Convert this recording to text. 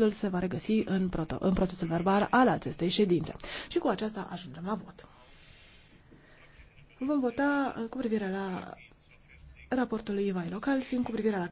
Textul se va regăsi în, proto- în procesul verbal al acestei ședințe. Și cu aceasta ajungem la vot. Vom vota cu privire la raportul local, fiind cu privire la